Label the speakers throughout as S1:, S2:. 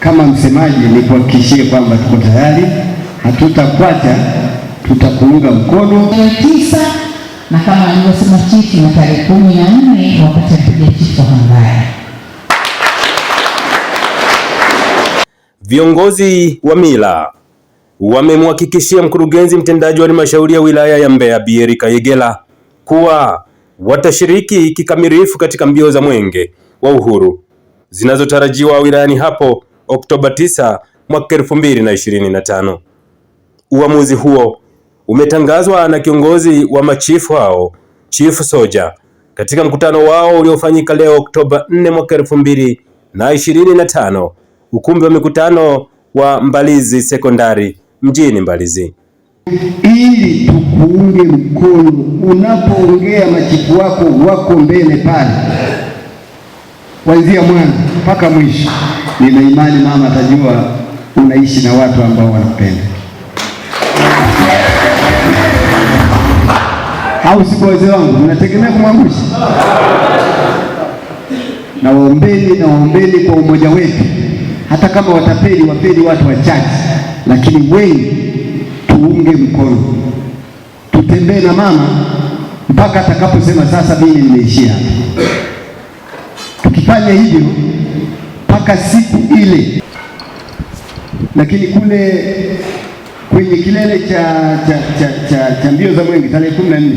S1: kama msemaji nikuhakikishie kwamba tuko tayari, hatutakwata, tutakuunga mkono
S2: tisa, na kama alivyosema chifu, na tarehe kumi na nne wakati apiga chifu hangaya.
S3: Viongozi wa mila wamemhakikishia mkurugenzi mtendaji wa halmashauri ya wilaya ya Mbeya Bieri Kayegela kuwa watashiriki kikamilifu katika mbio za mwenge wa uhuru zinazotarajiwa wilayani hapo Oktoba 9 mwaka tano. Uamuzi huo umetangazwa na kiongozi wa machifu hao Chief Soja katika mkutano wao uliofanyika leo Oktoba 4 mwaka tano ukumbi wa mikutano wa Mbalizi Sekondari mjini Mbalizi
S1: ili tukuunge mkono unapoongea machifu wako wako mbele pale kuanzia mwanzo mpaka mwisho. Nina imani mama atajua unaishi na watu ambao wanakupenda, au siku wazee wangu mnategemea kumwangusha? Na waombeni na waombeni kwa umoja wetu, hata kama watapeli wapeli watu wachache, lakini wengi tuunge mkono, tutembee na mama mpaka atakaposema sasa mimi nimeishia hapa tukifanya hivyo mpaka siku ile, lakini kule kwenye kilele cha cha cha cha, cha mbio za mwenge tarehe kumi na nne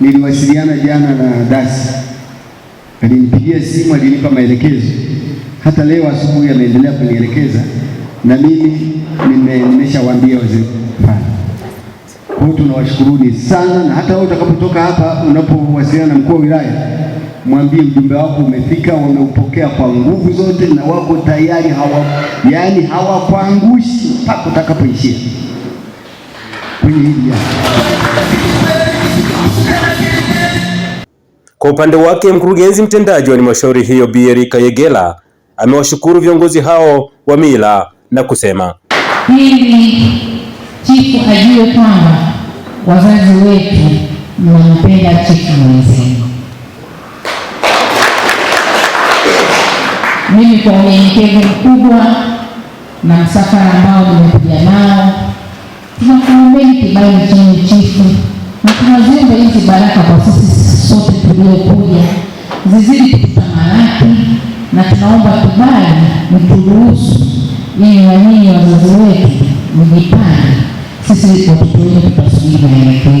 S1: niliwasiliana jana na dasi, alinipigia simu, alinipa maelekezo. Hata leo asubuhi ameendelea kunielekeza, na mimi nimeshawaambia waziri kwao. Tunawashukuruni sana, na hata wewe utakapotoka hapa, unapowasiliana na mkuu wa wilaya mwambie mjumbe wako umefika, wameupokea kwa nguvu zote na wako tayari hawa, yani hawakuangushi mpaka utakapoishia kwenye hili.
S3: Kwa upande wake mkurugenzi mtendaji wa halmashauri hiyo Bi Erika Yegela amewashukuru viongozi hao wa mila na kusema
S2: hili chifu ajue kwamba wazazi wetu wanapenda chifu mwenzenu mimi kwa unyenyekevu mkubwa na msafara ambao nimekuja nao, tunakuombeni kibali chenye chifu na tunaziomba hizi baraka kwa sisi sote tuliokuja, zizidi kututamalaki na tunaomba kibali mturuhusu, ili na nyinyi wazazi wetu mjipange, sisi watoto wetu tutasubiri maelekeo